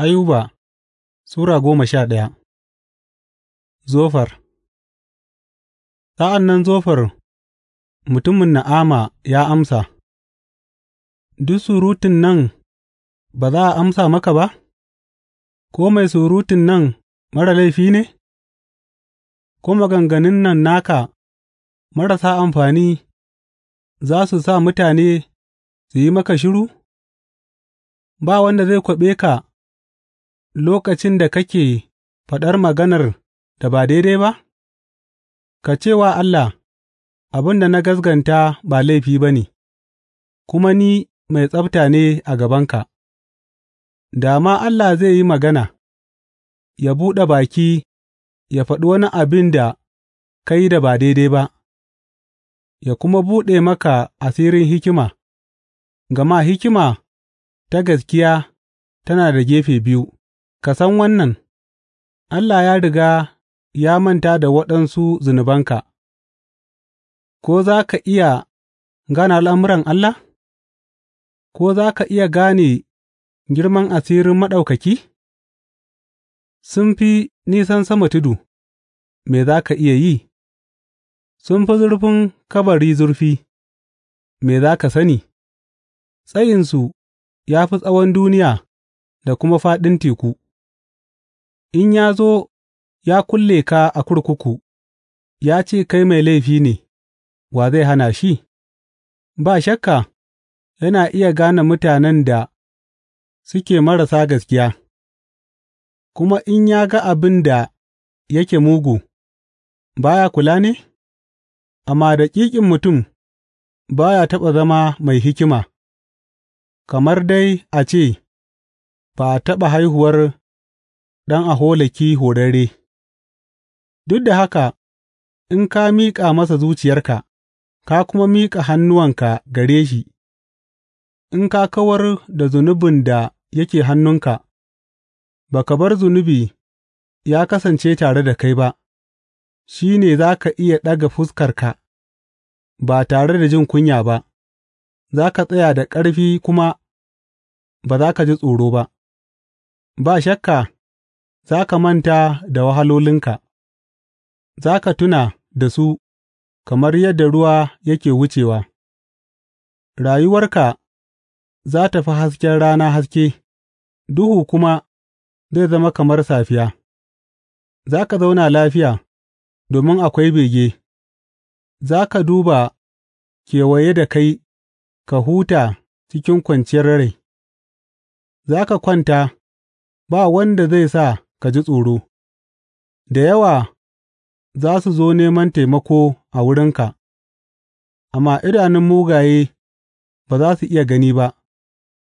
Ayuba Sura goma sha ɗaya. Zofar Sa'an nan Zofar mutumin Na'ama ya amsa, Duk surutun nan ba za a amsa maka ba, ko mai surutun nan mara laifi ne, ko maganganun nan naka marasa amfani za su sa mutane su yi maka shiru? Ba wanda zai kwaɓe ka lokacin da kake faɗar maganar da ba daidai ba? Ka ce wa Allah, Abin da na gaskanta ba laifi ba ne, kuma ni mai tsabta ne a gabanka, da ma Allah zai yi magana, ya buɗe baki ya faɗi wani abin da ka yi da ba daidai ba, ya kuma buɗe maka asirin hikima, gama hikima ta gaskiya tana da gefe biyu, Ka san wannan, Allah ya riga ya manta da waɗansu zunubanka, ko za ka iya gane al'amuran Allah, ko za ka iya gane girman asirin Maɗaukaki? Sun fi nisan sama tudu, me za ka iya yi? Sun fi zurfin kabari zurfi, me za ka sani? Tsayinsu ya fi tsawon duniya da kuma faɗin teku. In ya zo ya kulle ka a kurkuku, ya ce kai mai laifi ne, wa zai hana shi? Ba shakka yana iya gane mutanen da suke marasa gaskiya, kuma in ya ga abin da yake mugu, ba ya kula ne? Amma daƙiƙin mutum ba ya taɓa zama mai hikima, kamar dai a ce ba a taɓa haihuwar ɗan aholaki horarre, duk da haka in ka miƙa masa zuciyarka ka kuma miƙa hannuwanka gare shi, in ka kawar da zunubin da yake hannunka, ba ka bar zunubi ya kasance tare da kai ba, shi ne za ka iya ɗaga fuskarka ba tare da jin kunya ba, za ka tsaya da ƙarfi kuma ba za ka ji tsoro ba, ba shakka. Za ka manta da wahalolinka; za ka tuna da su kamar yadda ruwa yake wucewa; rayuwarka za ta fi hasken rana haske, duhu kuma zai zama kamar safiya; za ka zauna lafiya, domin akwai bege, za ka duba kewaye da kai ka huta cikin kwanciyar rai; za ka kwanta, ba wanda zai sa ka ji tsoro; da yawa za su zo neman taimako a wurinka, amma idanun mugaye ba za su iya gani ba,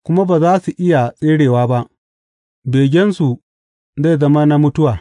kuma ba za su iya tserewa ba; begensu zai zama na mutuwa.